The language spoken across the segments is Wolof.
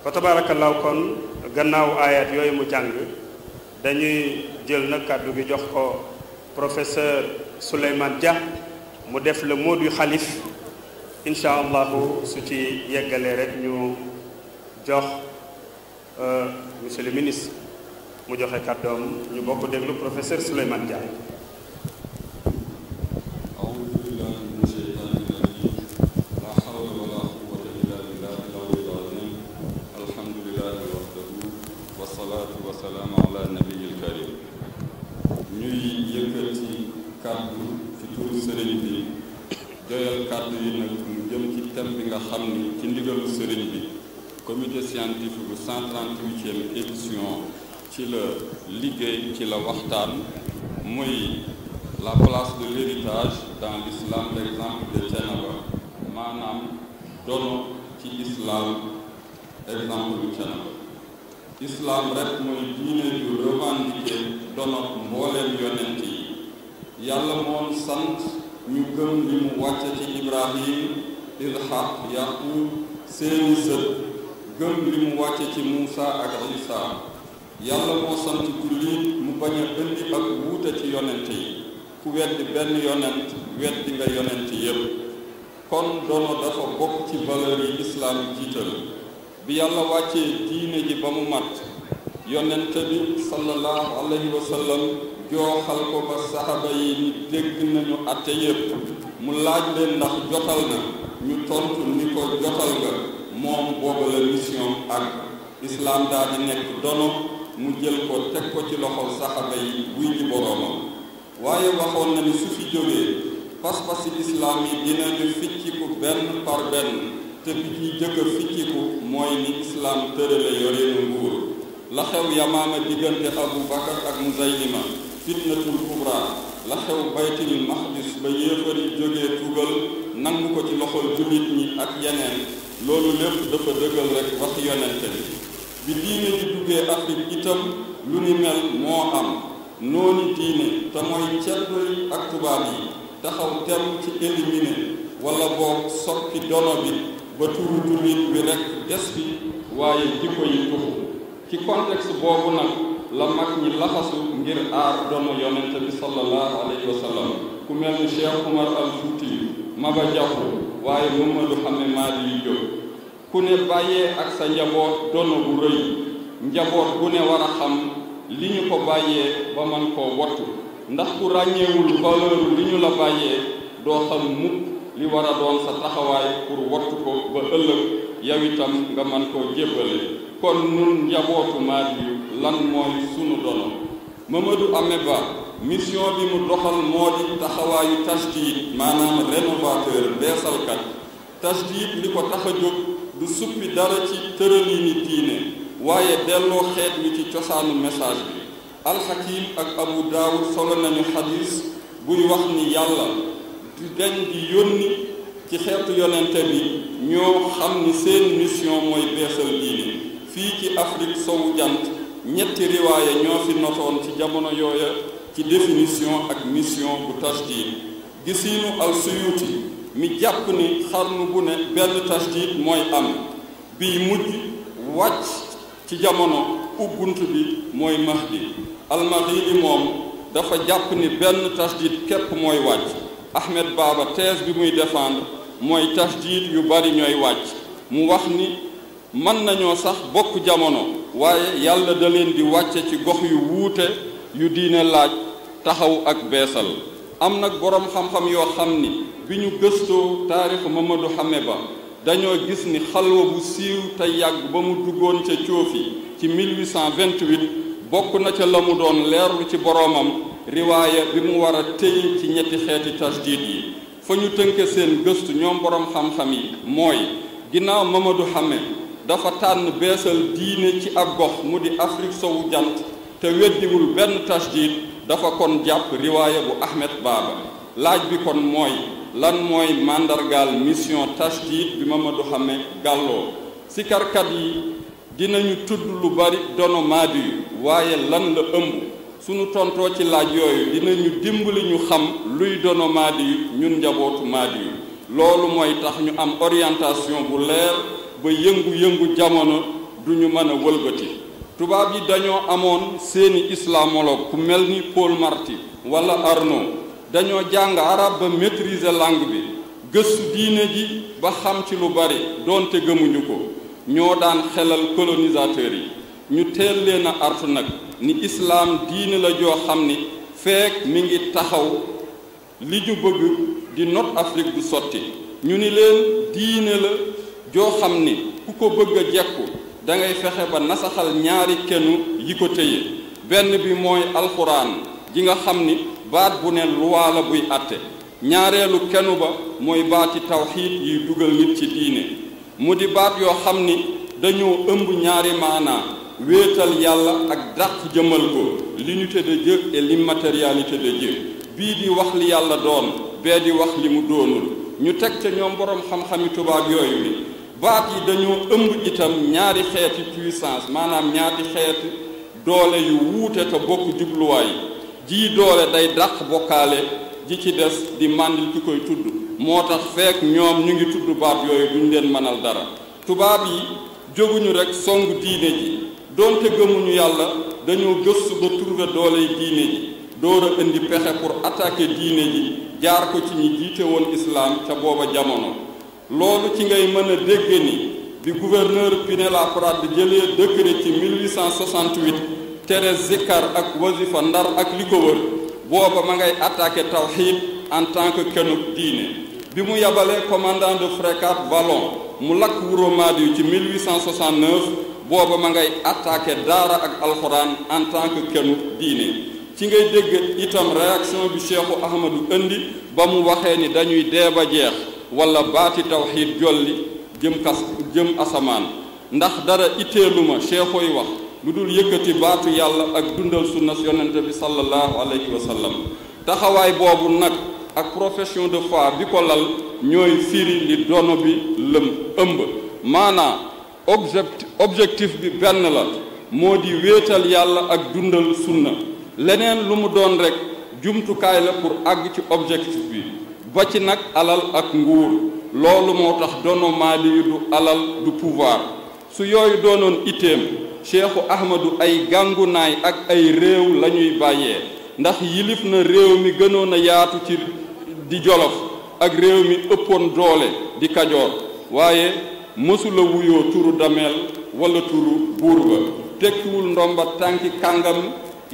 fa tabaarakallaahu kon gannaaw ayat yooyu mu jàng dañuy jël na kàddu bi jox ko professeur Souleymane Dia mu def la mot du xalif incha allahu su ci yeggalee rek ñu jox euh, monsieur le ministre mu joxe kàddoom ñu bokk déglu professeur Souleymane Dia Salam alaikum, nabiil karim ñuy yëkkati kàddu ci turu sëriñ bi doyal kàddu yi nag mu jëm ci thème nga xam ci ndigalu comité scientifique bu 138e édition ci la liggéey ci la waxtaan muy la place de l'héritage dans l'islam l'exemple de Thiénaba maanaam dono ci islam exemple bu Thiénaba islaam rekk mooy diine ju revendiqué donop mbooleem yonent yi yàlla moom sant ñu gëm li mu wàcce ci ibrahim ilhaq yaqub seeni sët gëm li mu wàcce ci muusa ak isa yàlla moo sant jullit mu bañ a indi ak wuute ci yonent yi ku weddi benn yonent weddi nga yonent yépp kon dono dafa bokk ci valeur yi islaam jiital bi yàlla wàccee diine ji ba mu mat yonent bi sallallahu alayhi wa sallam jooxal ko ba saxaba yi ni dégg nañu atte yépp mu laaj leen ndax jotal na ñu tontu ni ko jotal nga moom booba la mission ak islaam daa di nekk dono mu jël ko teg ko ci loxol saxaba yi wuy ji boroomam waaye waxoon na ni su fi jógee pas-pasi islaam yi dinañu ficciku benn par benn te bi ñuy jëkk a ficciku mooy ni islaam tërale yoreenu nguur la xew yamaama diggante abu bakar ak musaylima fitnatul kubra la xew baytil maxdis ba yéefar yi tugal nangu ko ci loxol jullit ñi ak yeneen loolu lépp dafa dëggal rek wax yonente bi bi diine ji duggee afrique itam lu ni mel moo am noonu diine te mooy ceddo yi ak tubaab yi taxaw temm ci éliminer wala boog soppi dono bi ba turu bi rek des bi waaye jikko yi tuxu ci contexte boobu nag la mag ñi laxasu ngir aar doomu yonente bi sallallahu alayhi wa sallam ku mel ni Cheikh Umar al fouti Maba Jaxu waaye Mamadou Xame Maali yu jóg ku ne bàyyee ak sa njaboot dono bu rëy njaboot bu ne war a xam li ñu ko bàyyee ba man koo wattu ndax ku ràññeewul valeur li ñu la bàyyee doo xam mukk li war a doon sa taxawaay pour wattu ko ba ëllëg yow itam nga man koo jébbale kon nun njabootu Maliyu lan mooy sunu dono Mamadou Ameba mission bi mu doxal moo di taxawaayu tajdid maanaam rénovateur beesalkat tajdid li ko tax jóg du suppi dara ci tërëliini diine waaye delloo xeet wi ci cosaanu message bi alxakim ak abu daawud solo nañu xadis buy wax ni yàlla di dañ di yónni ci xeetu yonente bi ñoo xam ni seen mission mooy beesal diine fii ci Afrique sowu jant ñetti riwaaye ñoo fi notoon ci jamono yooya ci définition ak mission bu tasdiid gisiinu al suyuuti mi jàpp ni xarnu bu ne benn tasdiid mooy am biy mujj wàcc ci jamono ubbunt bi mooy mahdi almahdi moom dafa jàpp ni benn tasdiid képp mooy wàcc Ahmed Baba thèse bi muy défendre mooy tasdiid yu bari ñooy wàcc mu wax ni mën nañoo sax bokk jamono waaye yàlla da leen di wàcce ci gox yu wuute yu diine laaj taxaw ak beesal am nag boroom xam-xam yoo xam ni bi ñu gëstoo taarixu Mamadou Xame Ba dañoo gis ni xalwa bu siiw te yàgg ba mu duggoon ca coofi ci 1828 bokk na ca la mu doon leerlu ci boroomam riwaaya bi mu war a tëy ci ñetti xeeti tajdid yi fa ñu tënke seen gëstu ñoom boroom xam-xam yi mooy ginnaaw Mamadou Hamé dafa tànn beesal diine ci ab gox mu di Afrique sowu jant te weddiwul benn tajdid dafa kon jàpp riwaaya bu Ahmed Baba laaj bi kon mooy lan mooy màndargaal mission tajdid bi Mamadou Hamé gàlloo sikarkat yi dinañu tudd lu bari dono maadi waaye lan la ëmb suñu tontoo ci laaj yooyu dinañu dimbali ñu xam luy dono Maadiyu ñun njabootu Maadiyu loolu mooy tax ñu am orientation bu leer ba yëngu-yëngu jamono du ñu mën a wëlbati tubaab yi dañoo amoon seeni islamologue ku mel ni Paul Marty wala Arnaud dañoo jàng arab ba maîtriser langue bi gëstu diine ji ba xam ci lu bari doonte gëmuñu ko ñoo daan xelal colonisateur yi ñu teel leen a artu nag ni islaam diine la joo xam ni feek mi ngi taxaw li ñu bëgg di not Afrique du sotti ñu ni leen diine la joo xam ni ku ko bëgg a jekku dangay fexe ba nasaxal ñaari kenu yi ko téye benn bi mooy alxuraan ji nga xam ni baat bu ne luwaa la buy àtte ñaareelu kenu ba mooy baati tawxiid yuy dugal nit ci diine mu di baat yoo xam ni dañoo ëmb ñaari maanaa wéetal yàlla ak dàq jëmal ko l'unité de Dieu et l'immatérialité de Dieu bii di wax li yàlla doon bee di wax li mu doonul ñu teg ca ñoom boroom xam-xami tubaab yooyu bi baat yi dañoo ëmb itam ñaari xeeti puissance maanaam ñaari xeeti doole yu wuute te bokk jubluwaay jii doole day dàq bokkaale ji ci des di màndil ci koy tudd moo tax feek ñoom ñu ngi tudd baat yooyu duñ leen mënal dara tubaab yi jóguñu rekk songu diine ji donte gëmuñu yàlla dañoo gëstu ba trouver dooley diine ji door a indi pexe pour attaquer diine ji jaar ko ci ñi jiite woon islaam ca booba jamono loolu ci ngay mën a dégg ni bi gouverneur Pinet-Laprade jëlee décret ci 1868 tere zikkar ak wasifa ndar ak li ko wër booba ma ngay attaquer tawxiid en tant que kenuk diine bi mu yabalee commandant de frégate Vallon mu lakk Wuro Madiou ci 1869 booba ma ngay attaqué daara ak alxuraan en tant que kenu diine ci ngay dégg itam réaction bi cheikhu ahmadu indi ba mu waxee ni dañuy dee ba jeex wala baati tawxiid jolli jëm kas jëm asamaan ndax dara itteeluma cheikhoy wax lu dul yëkkati baatu yàlla ak dundal sunna yonente bi sallallahu alayhi wa sallam taxawaay boobu nag ak profession de foi bi ko lal ñooy firi li dono bi lëm ëmb maanaa objectif bi benn la moo di wéetal yàlla ak dundal sunna leneen lu mu doon rekk jumtukaay la pour àgg ci objectif bi ba ci nag alal ak nguur loolu moo tax dono maali yu alal du pouvoir su yooyu doonoon itteem cheikhu ahmadu ay gàngunaay ak ay réew lañuy bàyyee ndax yilif na réew mi gënoon yaatu ci di jolof ak réew mi ëppoon doole di kajoor waaye mësula wuyoo turu dameel wala turu buur ba tekkiwul ndomba tànki kàngam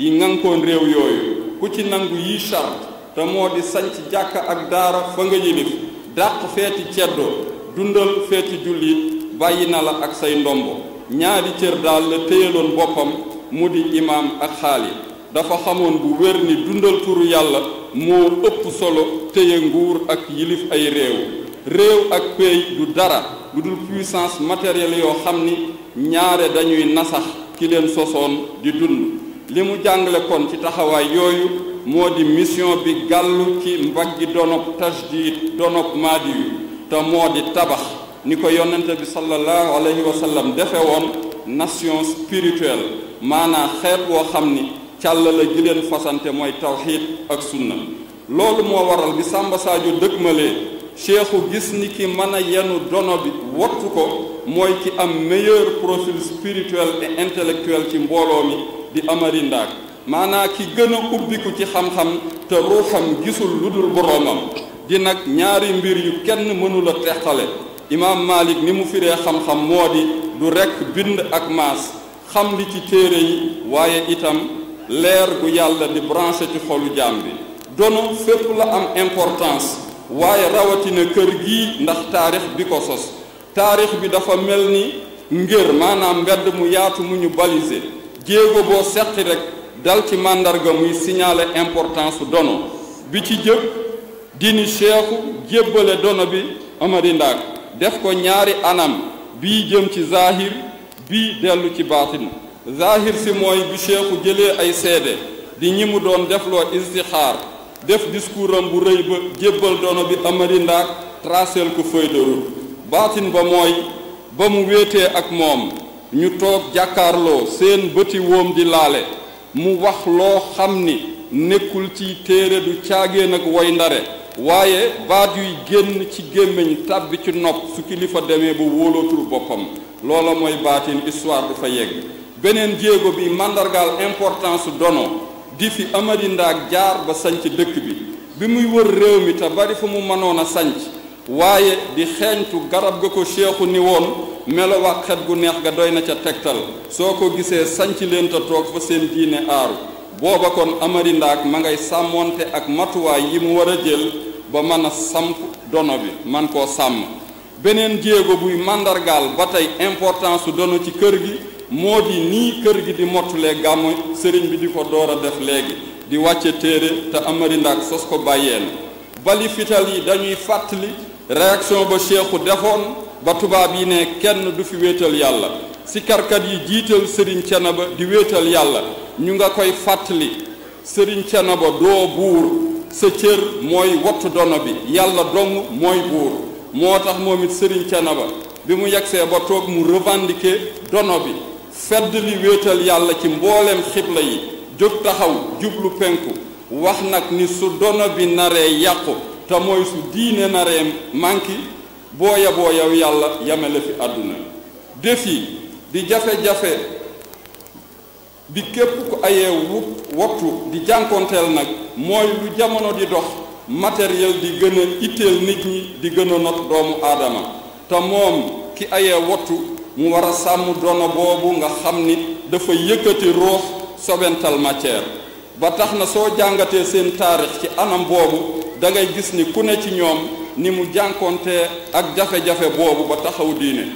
yi ngànkoon réew yooyu ku ci nangu yi chart te moo di sanc jàkk ak daara fa nga yilif dàq feeti ceddo dundal feeti jullit bàyyi na la ak say ndombo ñaari cër daal la téyaloon boppam mu di imaam ak xaali dafa xamoon bu wér ni dundal turu yàlla moo ëpp solo téye nguur ak yilif ay réew réew ak péey du dara lu dul puissance matériel yoo xam ni ñaare dañuy nasax ki leen sosoon di dund li mu jàngale koon ci taxawaay yooyu moo di mission bi gàllu ci mbaggi donob tajdid donob maadi yu te moo di tabax ni ko yonente bi sallallahu alayhi wa sallam defe woon nation spirituelle maanaa xeet woo xam ni càlla la gi leen fasante mooy tawxiid ak sunna loolu moo waral bi Samba Sadio dëgmalee cheikhu gis ni ki mën a yenu dono bi wattu ko mooy ki am meilleur profil spirituel et intellectuel ci mbooloo mi di amari ndaag maanaa ki gën a ubbiku ci xam-xam te ruuxam gisul lu dul boroomam di nag ñaari mbir yu kenn mënula teqale imaam Malik ni mu firee xam-xam moo di du rekk bind ak maas xam li ci téere yi waaye itam leer gu yàlla di branché ci xolu jaam bi dono fépp la am importance waaye rawatina kër gi ndax taarix bi ko sos taarix bi dafa mel ni ngir maanaam mbedd mu yaatu mu ñu baliser jéego boo seqi rek dal ci màndarga muy signaler importance dono bi ci jëkk dini cheikhu jébbale dono bi Amari Ndaak def ko ñaari anam bii jëm ci zahir bii dellu ci batin zahir si mooy bi cheikhu jëlee ay seede di ñi mu doon defloo istixaar def discours am bu rëy ba jébbal doono bi amari ndaak tracel ko feuille de route baatin ba mooy ba mu wéetee ak moom ñu toog jàkkaarloo seen bëti woom di laale mu wax loo xam ni nekkul ci téere du caagéen ak woy ndare waaye baat yuy génn ci gémmiñ tàbbi ci nopp su kilifa demee ba wóolootul boppam loola mooy baatin histoire du fa yegg beneen jéego bi màndargaal importance dono di fi amari ndaag jaar ba sañc dëkk bi bi muy wër réew mi te bari fa mu mënoon a sanc waaye di xeeñtu garab ga ko seexu ni woon melowaat xet gu neex ga doy na ca tegtal soo ko gisee sanc leen te toog fa seen diine aaru booba kon amari ndaag ma ngay sàmmoonte ak matuwaay yi mu war a jël ba mën a samp dono bi man koo sàmm beneen jéego buy màndargaal ba tey importance su doon ci kër gi moo di nii kër gi di mottulee gàmmu sëriñ bi di ko door a def léegi di wàcce téere te amari ndaak sos ko bàyyeen bali fital yi dañuy fàttali réaction ba cheikhu defoon ba tubaab yi ne kenn du fi wéetal yàlla sikarkat yi jiital sëriñ Thiénaba di wéetal yàlla ñu nga koy fàttali sëriñ Thiénaba doo buur sa cër mooy wattu dono bi yàlla dong mooy buur moo tax moom it Serigne Thiénaba bi mu yegsee ba toog mu revendiquer dono bi fedd li wéetal yàlla ci mbooleem xibla yi jóg taxaw jublu penku wax nag ni su dono bi naree yàqu te mooy su diine naree manki booya boo yow yàlla yamele fi àdduna défi di jafe-jafe bi képp ko ayee wut di jànkonteel nag mooy lu jamono di dox matériel di gën a itteel nit ñi di gën a not doomu aadama te moom ki aye wattu mu war a sàmm dono boobu nga xam ni dafa yëkkati ruux sobental matière ba tax na soo jàngatee seen taarix ci anam boobu da ngay gis ni ku ne ci ñoom ni mu jànkoonte ak jafe-jafe boobu ba taxaw diine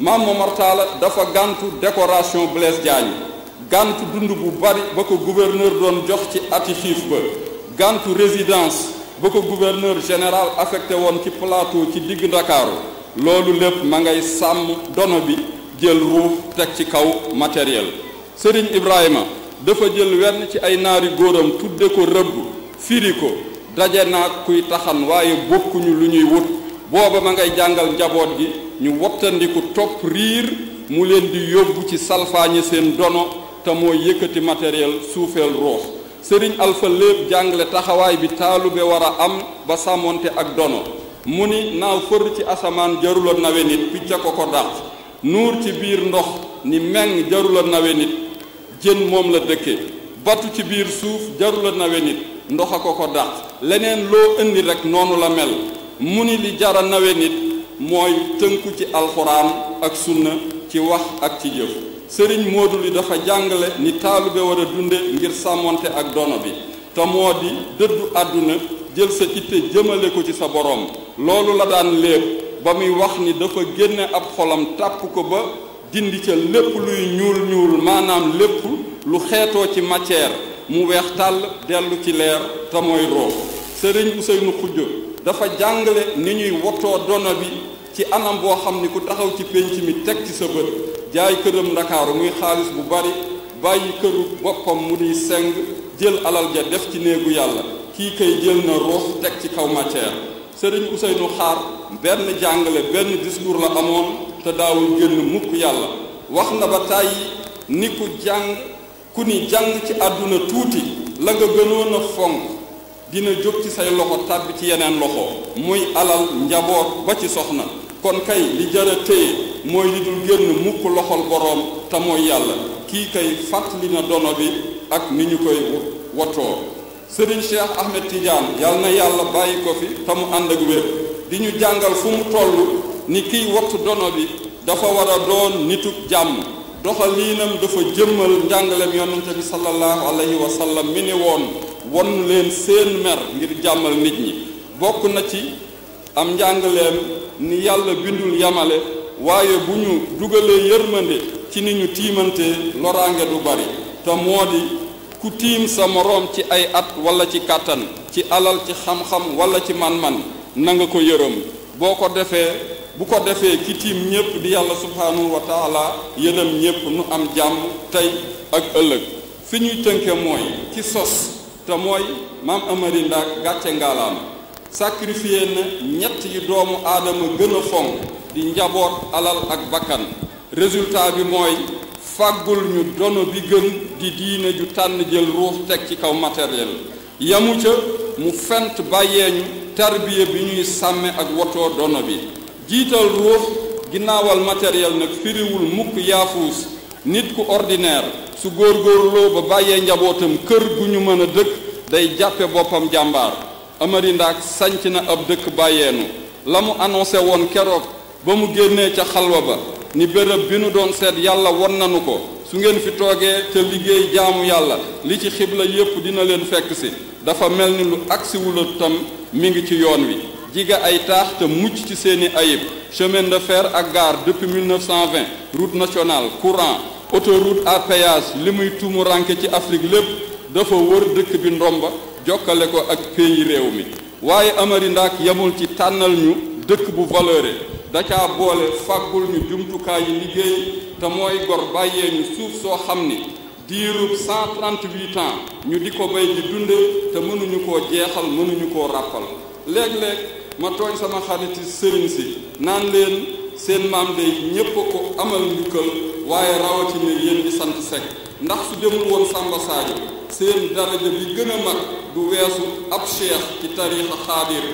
maam Momar Talla dafa gàntu décoration Blaise Diagne gàntu dund bu bari ba ko gouverneur doon jox ci ati xiif ba gàntu résidence ba ko gouverneur général affecté woon ci plateau ci digg ndakaaru loolu lépp ma ngay sàmm dono bi jël ruuf teg ci kaw matériel Serigne Ibrahima dafa jël wenn ci ay naari góoram tudde ko rëbb firi ko daje naa kuy taxan waaye bokkuñu lu ñuy wut booba ma ngay jàngal njaboot gi ñu wattandiku topp riir mu leen di yóbbu ci salfaañe seen dono te mooy yëkkati matériel suufeel ruux sëriñ Alfa Léeb jàngale taxawaay bi taalube war a am ba sàmmoonte ak dono mu ni naaw fër ci asamaan jarula nawe nit picca ko ko dàq nuur ci biir ndox ni meng jarula nawe nit jën moom la dëkke batu ci biir suuf jarula nawe nit ndox a ko ko dàq leneen loo indi rek noonu la mel mu ni li jara nawe nit mooy tënku ci alxuraan ak sunna ci wax ak ci jëf sëriñ Modou li dafa jàngale ni taalibe war a dunde ngir sàmmoonte ak dono bi te moo di dëddu àdduna jël sa itte jëmale ko ci sa borom loolu la daan léeb ba muy wax ni dafa génne ab xolam tàpp ko ba dindi ca lépp luy ñuul ñuul maanaam lépp lu xeetoo ci matière mu weex tàll dellu ci leer te mooy roo sëriñ Ousseynou Khoudio dafa jàngale ni ñuy wotoo dono bi ci anam boo xam ni ku taxaw ci pénc mi teg ci sa bët jaay këram ndakaaru muy xaalis bu bari bàyyi këru boppam mu di seng jël alal ja def ci néegu yàlla kii kay jël na ruux teg ci kaw matière sëriñ Ousseynou Xaar benn jàngale benn discours la amoon te daawul génn mukk yàlla wax na ba tàyyi ni ku jàng ku ni jàng ci àdduna tuuti la nga gënoon fonk dina jóg ci say loxo tàbbi ci yeneen loxo muy alal njaboot ba ci soxna kon kay li jara téye mooy li dul génn mukk loxol boroom te mooy yàlla kii kay fàttali na dono bi ak ni ñu koy wotoo sëriñ Cheikh Ahmed Tidiane yàlla na yàlla bàyyi ko fi te mu ànd ak wér di ñu jàngal fu mu toll ni kiy wattu dono bi dafa war a doon nituk jàmm doxaliinam dafa jëmmal njàngalem yonante bi sallallahu alayhi wa sallam mi ni woon won leen seen mer ngir jàmmal nit ñi bokk na ci am njàngaleem ni yàlla bindul yamale waaye bu ñu dugalee yërmande ci ni ñu tiimante loraange du bari te moo di ku tiim sa moroom ci ay at wala ci kàttan ci alal ci xam-xam wala ci man-man na nga ko yërëm boo ko defee bu ko defee ki tiim ñépp di yàlla subhaanahu wa taala yërëm ñépp nu am jàmm tey ak ëllëg fi ñuy tënke mooy ci sos te mooy maam amari ndaak gàcce ngaalaam sacrifié na ñett yi doomu aadama gën a fonk di njaboot alal ak bakkan résultat bi mooy fàggul ñu dono bi gën di diine ju tànn jël ruux teg ci kaw matériel yamu ca mu fent bàyyee ñu tarbiya bi ñuy sàmme ak woto dono bi jiital ruux ginnaawal matériel nag firiwul mukk yaafuus nit ku ordinaire su góor góorgóorloo ba bàyyee njabootam kër gu ñu mën a dëkk day jàppe boppam jàmbaar Amary Ndaak sanc na ab dëkk bàyyeenu la mu annoncé woon keroog ba mu génnee ca xalwa ba ni bërëb bi nu doon seet yàlla won nanu ko su ngeen fi toogee ca liggéey jaamu yàlla li ci xibla yépp dina leen fekk si dafa mel ni lu agsiwula tam mi ngi ci yoon wi jige ay taax te mucc ci seeni ayib chemin de fer ak gare depuis 1920 route nationale courant autoroute route péage li muy tuumu ci Afrique lépp dafa wër dëkk bi ndomba jokkale ko ak pays réew mi waaye amari ndak yamul ci tànnal ñu dëkk bu valeuré da ca boole fakul ñu jumtu yi liggéey te mooy gor bayé ñu suuf soo xam ni diirub 138 ans ñu di ko bay di dunde te mënuñu koo jeexal mënuñu koo ràppal lég lég ma tooñ sama xarit sëriñ si naan leen seen maam day ñépp ko amal njukkal waaye rawatina yéen di sant Seck ndax su demul woon Samba Sadio seen daraja bi gën a mag du weesu ab cheikh ci tariixa xaadir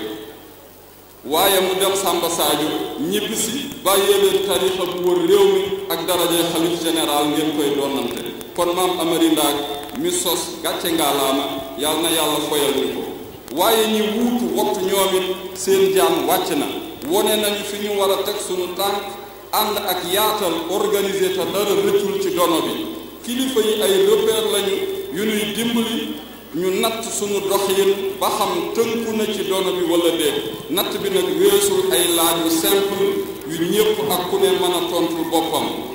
waaye mu dem Samba Sadio ñibbi si bàyyee leen tariixa bu wër réew mi ak darajay xalif général ngeen koy doonante kon maam Amary Ndaak mi sos gàcce ngaalaama yàlla na yàlla foyal ñu ko waaye ñi wuutu waxtu ñoom seen jaam wàcc na wone nañu fi ñu war a teg sunu tànk ànd ak yaatal organiser te dara rëccul ci dono bi kilifa yi ay repère lañu yu nuy dimbali ñu natt suñu doxin ba xam tënku na ci doona bi wala déet natt bi nag weesul ay laaj yu simple yu ñëpp ak ku ne mën a tontu boppam